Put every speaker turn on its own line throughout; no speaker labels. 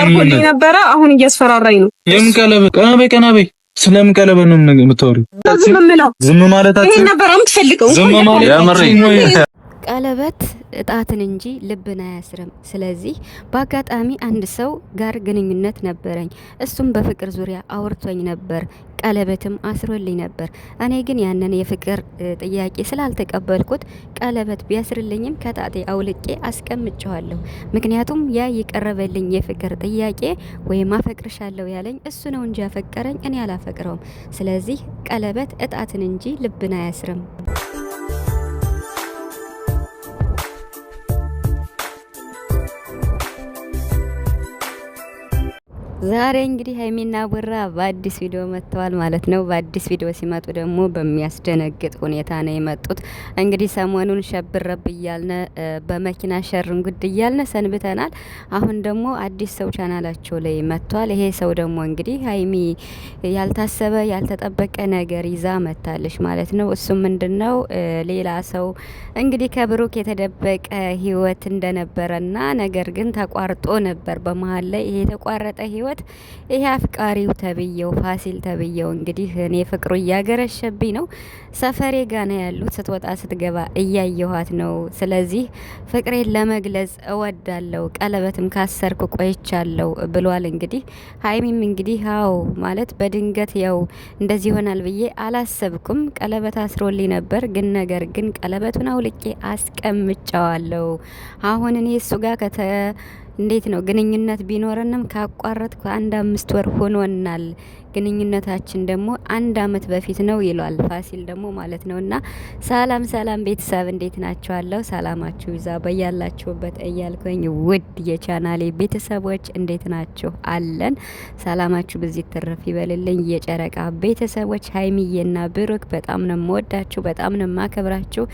አድርጎልኝ ነበረ። አሁን እያስፈራራኝ ነው። የምን ቀለበት? ቀና በይ ቀና በይ። ስለምን ቀለበት ነው የምታወሪው? ዝም ማለት ዝም ማለት ቀለበት እጣትን እንጂ ልብን አያስርም። ስለዚህ በአጋጣሚ አንድ ሰው ጋር ግንኙነት ነበረኝ። እሱም በፍቅር ዙሪያ አውርቶኝ ነበር፣ ቀለበትም አስሮልኝ ነበር። እኔ ግን ያንን የፍቅር ጥያቄ ስላልተቀበልኩት ቀለበት ቢያስርልኝም ከጣቴ አውልቄ አስቀምጨዋለሁ። ምክንያቱም ያ የቀረበልኝ የፍቅር ጥያቄ ወይም አፈቅርሻለሁ ያለኝ እሱ ነው እንጂ ያፈቀረኝ እኔ አላፈቅረውም። ስለዚህ ቀለበት እጣትን እንጂ ልብን አያስርም። ዛሬ እንግዲህ ሀይሚና ቡራ በአዲስ ቪዲዮ መጥተዋል ማለት ነው። በአዲስ ቪዲዮ ሲመጡ ደግሞ በሚያስደነግጥ ሁኔታ ነው የመጡት። እንግዲህ ሰሞኑን ሸብረብ እያልነ በመኪና ሸርን ጉድ እያልነ ሰንብተናል። አሁን ደግሞ አዲስ ሰው ቻናላቸው ላይ መጥቷል። ይሄ ሰው ደግሞ እንግዲህ ሀይሚ ያልታሰበ ያልተጠበቀ ነገር ይዛ መታለች ማለት ነው። እሱም ምንድን ነው ሌላ ሰው እንግዲህ ከብሩክ የተደበቀ ህይወት እንደነበረና ነገር ግን ተቋርጦ ነበር በመሀል ላይ ይሄ የተቋረጠ ህይወት ህይወት ይሄ አፍቃሪው ተብየው ፋሲል ተብየው እንግዲህ እኔ ፍቅሩ እያገረሸብኝ ነው። ሰፈሬ ጋና ያሉት። ስትወጣ ስትገባ እያየኋት ነው። ስለዚህ ፍቅሬን ለመግለጽ እወዳለው ቀለበትም ካሰርኩ ቆይቻለሁ ብሏል። እንግዲህ ሀይሚም እንግዲህ አዎ ማለት በድንገት ያው እንደዚህ ይሆናል ብዬ አላሰብኩም። ቀለበት አስሮልኝ ነበር ግን ነገር ግን ቀለበቱን አውልቄ አስቀምጫዋለው አሁን እኔ እሱ ጋር ከተ እንዴት ነው ግንኙነት ቢኖረንም ካቋረጥኩ አንድ አምስት ወር ሆኖናል። ግንኙነታችን ደግሞ አንድ አመት በፊት ነው ይሏል ፋሲል ደግሞ ማለት ነው። እና ሰላም ሰላም ቤተሰብ እንዴት ናችኋለሁ? ሰላማችሁ ይዛ በያላችሁበት እያልኩኝ ውድ የቻናሌ ቤተሰቦች እንዴት ናችሁ? አለን ሰላማችሁ በዚህ ትርፍ ይበልልኝ። የጨረቃ ቤተሰቦች ሀይሚዬና ብሩክ በጣም ነው የምወዳችሁ፣ በጣም ነው የማከብራችሁ።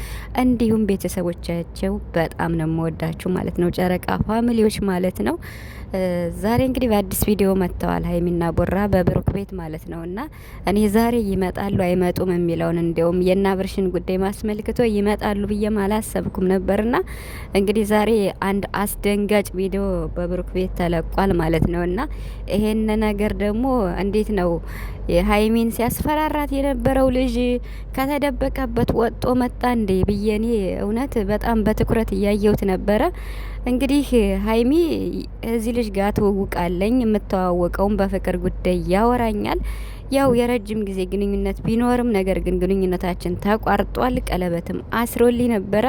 እንዲሁም ቤተሰቦቻቸው በጣም ነው የምወዳችሁ ማለት ነው። ጨረቃ ፋሚሊዎች ማለት ነው። ዛሬ እንግዲህ በአዲስ ቪዲዮ መጥተዋል ሀይሚና ቦራ በብሩክ ቤት ማለት ነው። እና እኔ ዛሬ ይመጣሉ አይመጡም የሚለውን እንዲሁም የናብርሽን ጉዳይ ማስመልክቶ ይመጣሉ ብዬም አላሰብኩም ነበርና እንግዲህ ዛሬ አንድ አስደንጋጭ ቪዲዮ በብሩክ ቤት ተለቋል ማለት ነው። እና ይሄን ነገር ደግሞ እንዴት ነው ሀይሚን ሲያስፈራራት የነበረው ልጅ ከተደበቀበት ወጦ መጣ እንዴ ብዬ እኔ እውነት በጣም በትኩረት እያየሁት ነበረ። እንግዲህ ሀይሚ እዚህ ልጅ ጋር ትውውቃለኝ የምተዋወቀውን በፍቅር ጉዳይ ያወራኛል። ያው የረጅም ጊዜ ግንኙነት ቢኖርም ነገር ግን ግንኙነታችን ተቋርጧል። ቀለበትም አስሮልኝ ነበረ።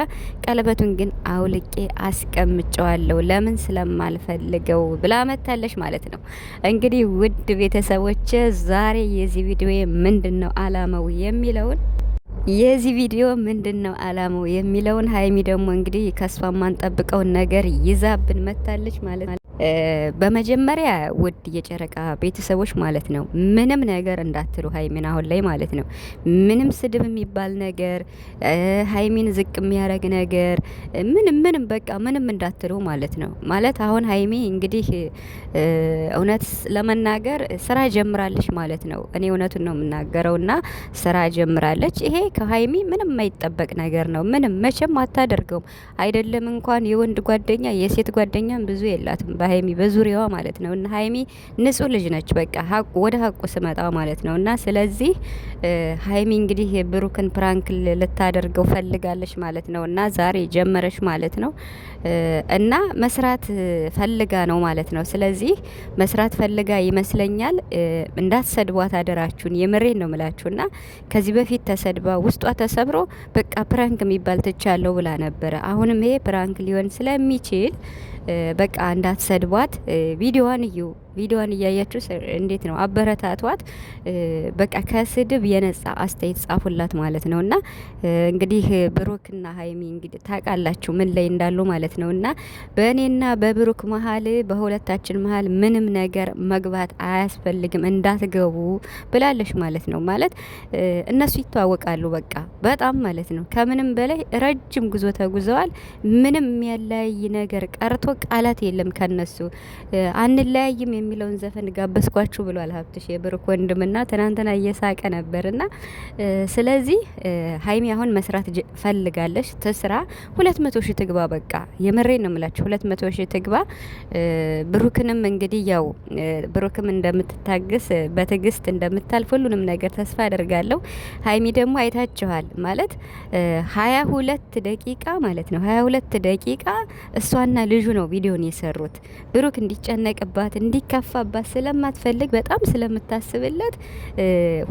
ቀለበቱን ግን አውልቄ አስቀምጨዋለሁ ለምን ስለማልፈልገው ብላ መታለች ማለት ነው። እንግዲህ ውድ ቤተሰቦች ዛሬ የዚህ ቪዲዮ ምንድን ነው አላማው የሚለውን የዚህ ቪዲዮ ምንድን ነው አላማው የሚለውን ሀይሚ ደግሞ እንግዲህ ከሷ የማንጠብቀውን ነገር ይዛብን መታለች ማለት ነው። በመጀመሪያ ውድ የጨረቃ ቤተሰቦች ማለት ነው ምንም ነገር እንዳትሉ ሀይሚን አሁን ላይ ማለት ነው ምንም ስድብ የሚባል ነገር ሀይሚን ዝቅ የሚያደርግ ነገር ምንም ምንም በቃ ምንም እንዳትሉ ማለት ነው። ማለት አሁን ሀይሚ እንግዲህ እውነት ለመናገር ስራ ጀምራለች ማለት ነው። እኔ እውነቱን ነው የምናገረው እና ስራ ጀምራለች። ይሄ ከሀይሚ ምንም የማይጠበቅ ነገር ነው። ምንም መቼም አታደርገውም አይደለም። እንኳን የወንድ ጓደኛ የሴት ጓደኛም ብዙ የላትም። በሀይሚ በዙሪያዋ ማለት ነው። እና ሀይሚ ንጹህ ልጅ ነች። በቃ ሀቁ ወደ ሀቁ ስመጣ ማለት ነው። እና ስለዚህ ሀይሚ እንግዲህ ብሩክን ፕራንክ ልታደርገው ፈልጋለች ማለት ነው። እና ዛሬ ጀመረች ማለት ነው። እና መስራት ፈልጋ ነው ማለት ነው። ስለዚህ መስራት ፈልጋ ይመስለኛል። እንዳትሰድቧት አደራችሁን፣ የምሬን ነው ምላችሁ እና ከዚህ በፊት ተሰድባ ውስጧ ተሰብሮ በቃ ፕራንክ የሚባል ትቻለው ብላ ነበረ። አሁንም ይሄ ፕራንክ ሊሆን ስለሚችል በቃ እንዳትሰድቧት፣ ቪዲዮዋን እዩ። ቪዲዮዋን እያያችሁ እንዴት ነው አበረታቷት። በቃ ከስድብ የነጻ አስተያየት ጻፉላት ማለት ነው። እና እንግዲህ ብሩክና ሀይሚ እንግዲህ ታውቃላችሁ ምን ላይ እንዳሉ ማለት ነው። እና በእኔና በብሩክ መሀል በሁለታችን መሀል ምንም ነገር መግባት አያስፈልግም እንዳትገቡ ብላለች ማለት ነው። ማለት እነሱ ይተዋወቃሉ በቃ በጣም ማለት ነው። ከምንም በላይ ረጅም ጉዞ ተጉዘዋል። ምንም የሚያለያይ ነገር ቀርቶ ቃላት የለም ከነሱ አንለያይም የሚለውን ዘፈን ጋበዝኳችሁ ብሏል ሀብትሽ የብሩክ ወንድምና ትናንትና እየሳቀ ነበርና፣ ስለዚህ ሀይሚ አሁን መስራት ፈልጋለች። ትስራ ሁለት መቶ ሺ ትግባ። በቃ የምሬ ነው ምላችሁ ሁለት መቶ ሺ ትግባ። ብሩክንም እንግዲህ ያው ብሩክም እንደምትታግስ በትግስት እንደምታልፍ ሁሉንም ነገር ተስፋ አደርጋለሁ። ሀይሚ ደግሞ አይታችኋል ማለት ሀያ ሁለት ደቂቃ ማለት ነው ሀያ ሁለት ደቂቃ እሷና ልጁ ነው ቪዲዮን የሰሩት ብሩክ እንዲጨነቅባት እንዲካ እንዲከፋባት ስለማትፈልግ በጣም ስለምታስብለት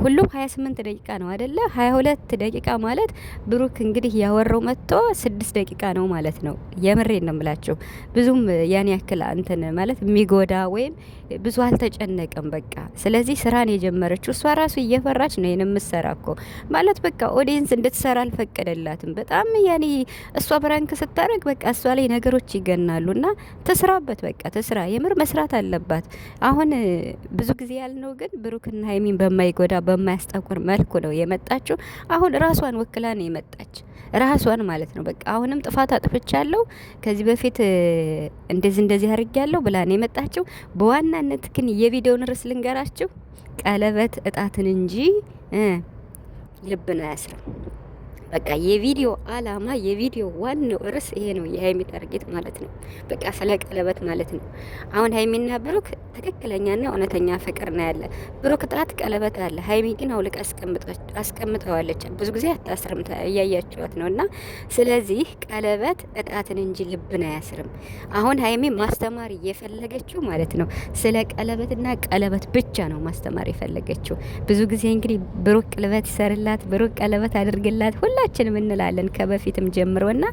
ሁሉም 28 ደቂቃ ነው አይደለ? 22 ደቂቃ ማለት ብሩክ እንግዲህ ያወራው መጥቶ 6 ደቂቃ ነው ማለት ነው። የምሬ ነው ምላችሁ። ብዙም ያን ያክል እንትን ማለት የሚጎዳ ወይም ብዙ አልተጨነቅም በቃ። ስለዚህ ስራን የጀመረችው እሷ ራሱ እየፈራች ነው ይሄን የምትሰራ እኮ ማለት በቃ ኦዲየንስ እንድትሰራ አልፈቀደላትም። በጣም ያኔ እሷ ብራንክ ስታደርግ በቃ እሷ ላይ ነገሮች ይገናሉና ተስራበት በቃ ትስራ። የምር መስራት አለባት። አሁን ብዙ ጊዜ ያልነው ግን ብሩክና ሀይሚን በማይጎዳ በማያስጠቁር መልኩ ነው የመጣችው። አሁን ራሷን ወክላ ነው የመጣች ራሷን ማለት ነው። በቃ አሁንም ጥፋት አጥፍቻለሁ፣ ከዚህ በፊት እንደዚህ እንደዚህ አድርጌያለሁ ብላ ነው የመጣችው። በዋናነት ግን የቪዲዮውን ርዕስ ልንገራችሁ፣ ቀለበት እጣትን እንጂ ነው አያስርም። በቃ የቪዲዮ አላማ የቪዲዮ ዋናው ርዕስ ይሄ ነው፣ የሀይሚ ታርጌት ማለት ነው። በቃ ስለ ቀለበት ማለት ነው። አሁን እና ብሩክ ትክክለኛና እውነተኛ ፍቅር ነው ያለ። ብሩክ ጣት ቀለበት አለ። ሀይሚ ግን አውልቃ አስቀምጣች አስቀምጠዋለች። ብዙ ጊዜ አታስርም፣ እያያችኋት ነው። እና ስለዚህ ቀለበት እጣትን እንጂ ልብን አያስርም። አሁን ሀይሜ ማስተማር እየፈለገችው ማለት ነው፣ ስለ ቀለበትና ቀለበት ብቻ ነው ማስተማር የፈለገችው። ብዙ ጊዜ እንግዲህ ብሩክ ቀለበት ይሰርላት፣ ብሩክ ቀለበት አድርግላት ሁላችንም እንላለን ከበፊትም ጀምሮ እና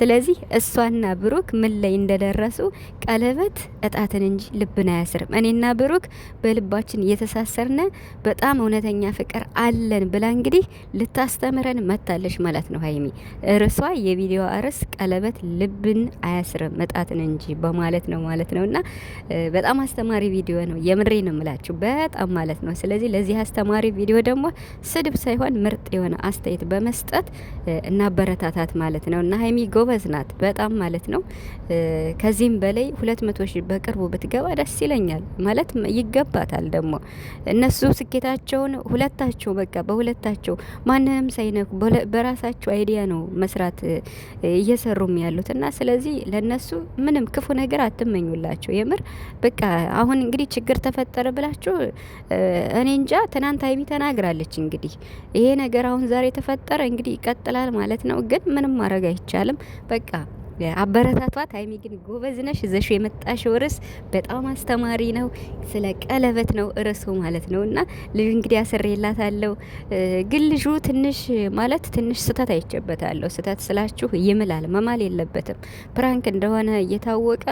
ስለዚህ እሷና ብሩክ ምን ላይ እንደደረሱ ቀለበት እጣትን እንጂ ልብን አያስርም። እኔና ብሩክ በልባችን እየተሳሰርነ በጣም እውነተኛ ፍቅር አለን ብላ እንግዲህ ልታስተምረን መታለች ማለት ነው ሀይሚ። ርሷ የቪዲዮ ርዕስ ቀለበት ልብን አያስርም መጣትን እንጂ በማለት ነው ማለት ነው። እና በጣም አስተማሪ ቪዲዮ ነው። የምሬ ነው ምላችሁ በጣም ማለት ነው። ስለዚህ ለዚህ አስተማሪ ቪዲዮ ደግሞ ስድብ ሳይሆን ምርጥ የሆነ አስተያየት በመስጠት እናበረታታት ማለት ነው እና ሀይሚ ጎበዝ ናት በጣም ማለት ነው። ከዚህም በላይ ሁለት መቶ ሺ በቅርቡ ብትገባ ደስ ይለኛል ማለት ይገባታል። ደግሞ እነሱ ስኬታቸውን ሁለታቸው በቃ በሁለት ሁለታቸው ማንንም ሳይነኩ በራሳቸው አይዲያ ነው መስራት እየሰሩም ያሉት እና ስለዚህ ለነሱ ምንም ክፉ ነገር አትመኙላቸው። የምር በቃ አሁን እንግዲህ ችግር ተፈጠረ ብላችሁ እኔ እንጃ። ትናንት ሀይሚ ተናግራለች እንግዲህ ይሄ ነገር አሁን ዛሬ ተፈጠረ እንግዲህ ይቀጥላል ማለት ነው። ግን ምንም ማድረግ አይቻልም በቃ አበረታቷት። ሀይሚ ግን ጎበዝ ነሽ። ይዘሽው የመጣሽው ርዕስ በጣም አስተማሪ ነው። ስለ ቀለበት ነው ርዕሱ ማለት ነው። እና ልጁ እንግዲህ አስሬላታለሁ። ግን ልጁ ትንሽ ማለት ትንሽ ስህተት አይቼበታለሁ። ስህተት ስላችሁ ይምላል። መማል የለበትም ፕራንክ እንደሆነ እየታወቀ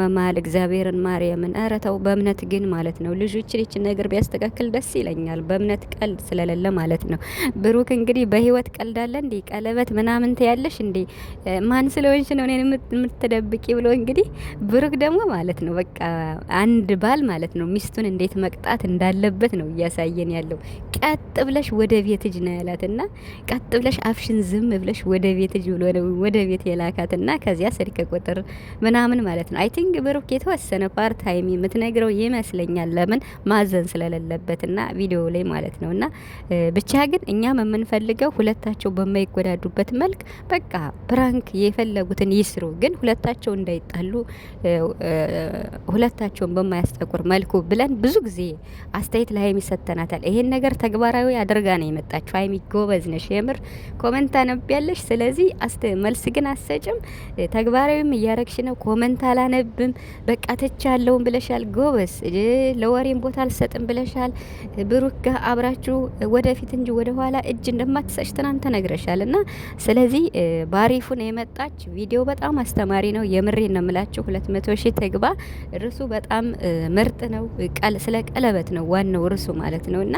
መማል እግዚአብሔርን፣ ማርያምን ኧረ ተው። በእምነት ግን ማለት ነው ልጁ ይችን ይችን ነገር ቢያስተካክል ደስ ይለኛል። በእምነት ቀልድ ስለሌለ ማለት ነው። ብሩክ እንግዲህ በህይወት ቀልዳለ እንዲህ ቀለበት ምናምን ትያለሽ እንዲህ ማን ስለሆንሽ ነው እኔን የምትደብቂ ብሎ እንግዲህ ብሩክ ደግሞ ማለት ነው በቃ አንድ ባል ማለት ነው ሚስቱን እንዴት መቅጣት እንዳለበት ነው እያሳየን ያለው። ቀጥ ብለሽ ወደ ቤት እጅ ነው ያላትና ቀጥ ብለሽ አፍሽን ዝም ብለሽ ወደ ቤት እጅ ብሎ ወደ ቤት የላካትና ከዚያ ስልክ ቁጥር ምናምን ማለት ነው። አይ ቲንክ ብሩክ የተወሰነ ፓርት የምትነግረው ይመስለኛል። ለምን ማዘን ስለሌለበትና ቪዲዮ ላይ ማለት እና ብቻ ግን እኛም የምንፈልገው ሁለታቸው በማይጎዳዱበት መልክ በቃ ፕራንክ የፈለጉትን ይስሩ፣ ግን ሁለታቸው እንዳይጣሉ ሁለታቸውን በማያስጠቁር መልኩ ብለን ብዙ ጊዜ አስተያየት ለሀይሚ ሰጥተናታል። ይሄን ነገር ተግባራዊ አድርጋ ነው የመጣችው። ሀይሚ ጎበዝ ነሽ፣ የምር ኮመንት አነቢያለሽ። ስለዚህ መልስ ግን አሰጭም፣ ተግባራዊም እያረግሽ ነው። ኮመንት አላነብም በቃ ተቻለውን ብለሻል። ጎበዝ ለወሬም ቦታ አልሰጥም ብለሻል። ብሩክ ጋር አብራችሁ ወደፊት እንጂ ወደኋላ እጅ እንደማትሰጭ ትናንት ተነግረሻል። እና ስለዚህ ባሪፉን የመጣ በቃች። ቪዲዮ በጣም አስተማሪ ነው። የምሬ ነው የምላችሁ። ሁለት መቶ ሺህ ትግባ። ርሱ በጣም ምርጥ ነው። ስለ ቀለበት ነው ዋናው ርሱ ማለት ነው። እና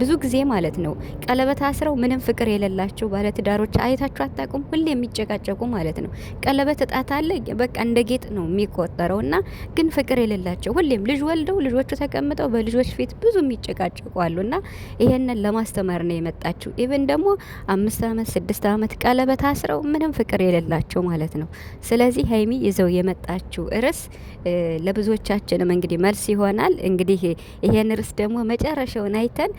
ብዙ ጊዜ ማለት ነው ቀለበት አስረው ምንም ፍቅር የሌላቸው ባለትዳሮች አይታችሁ አታውቁም? ሁሌ የሚጨቃጨቁ ማለት ነው። ቀለበት እጣት አለ በቃ እንደ ጌጥ ነው የሚቆጠረው። እና ግን ፍቅር የሌላቸው ሁሌም ልጅ ወልደው ልጆቹ ተቀምጠው በልጆች ፊት ብዙ የሚጨቃጨቁ አሉ። እና ይሄንን ለማስተማር ነው የመጣችው። ኢቨን ደግሞ አምስት አመት ስድስት አመት ቀለበት አስረው ምንም ፍቅር የሌላቸው ማለት ነው። ስለዚህ ሀይሚ ይዘው የመጣችው ርዕስ ለብዙዎቻችንም እንግዲህ መልስ ይሆናል። እንግዲህ ይሄን ርዕስ ደግሞ መጨረሻውን አይተን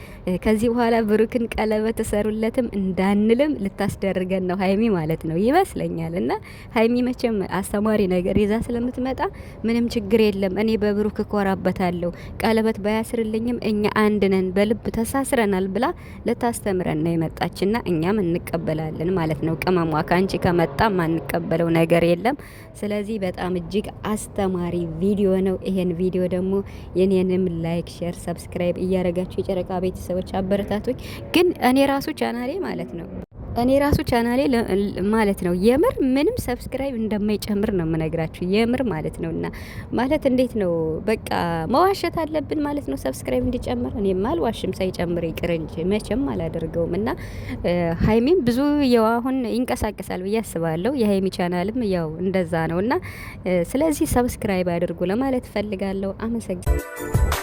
ከዚህ በኋላ ብሩክን ቀለበት ተሰሩለትም እንዳንልም ልታስደርገን ነው ሀይሚ ማለት ነው ይመስለኛል። እና ሀይሚ መቼም አስተማሪ ነገር ይዛ ስለምትመጣ ምንም ችግር የለም እኔ በብሩክ እኮራበታለሁ፣ ቀለበት ባያስርልኝም እኛ አንድ ነን፣ በልብ ተሳስረናል ብላ ልታስተምረን ነው የመጣችና እኛም እንቀበላለን ማለት ነው። ቅመሟ ከአንቺ ከመጣ በጣም ማንቀበለው ነገር የለም። ስለዚህ በጣም እጅግ አስተማሪ ቪዲዮ ነው። ይሄን ቪዲዮ ደግሞ የኔንም ላይክ፣ ሼር፣ ሰብስክራይብ እያደረጋችሁ የጨረቃ ቤተሰቦች አበረታቶች ግን እኔ ራሱ ቻናሌ ማለት ነው እኔ ራሱ ቻናሌ ማለት ነው የምር ምንም ሰብስክራይብ እንደማይጨምር ነው የምነግራችሁ። የምር ማለት ነው እና ማለት እንዴት ነው በቃ መዋሸት አለብን ማለት ነው ሰብስክራይብ እንዲጨምር። እኔም አልዋሽም ሳይጨምር ይቅር እንጂ መቼም አላደርገውም። እና ሀይሚም ብዙ ያው አሁን ይንቀሳቀሳል ብዬ አስባለሁ። የሀይሚ ቻናልም ያው እንደዛ ነው እና ስለዚህ ሰብስክራይብ አድርጉ ለማለት ፈልጋለሁ። አመሰግናለሁ።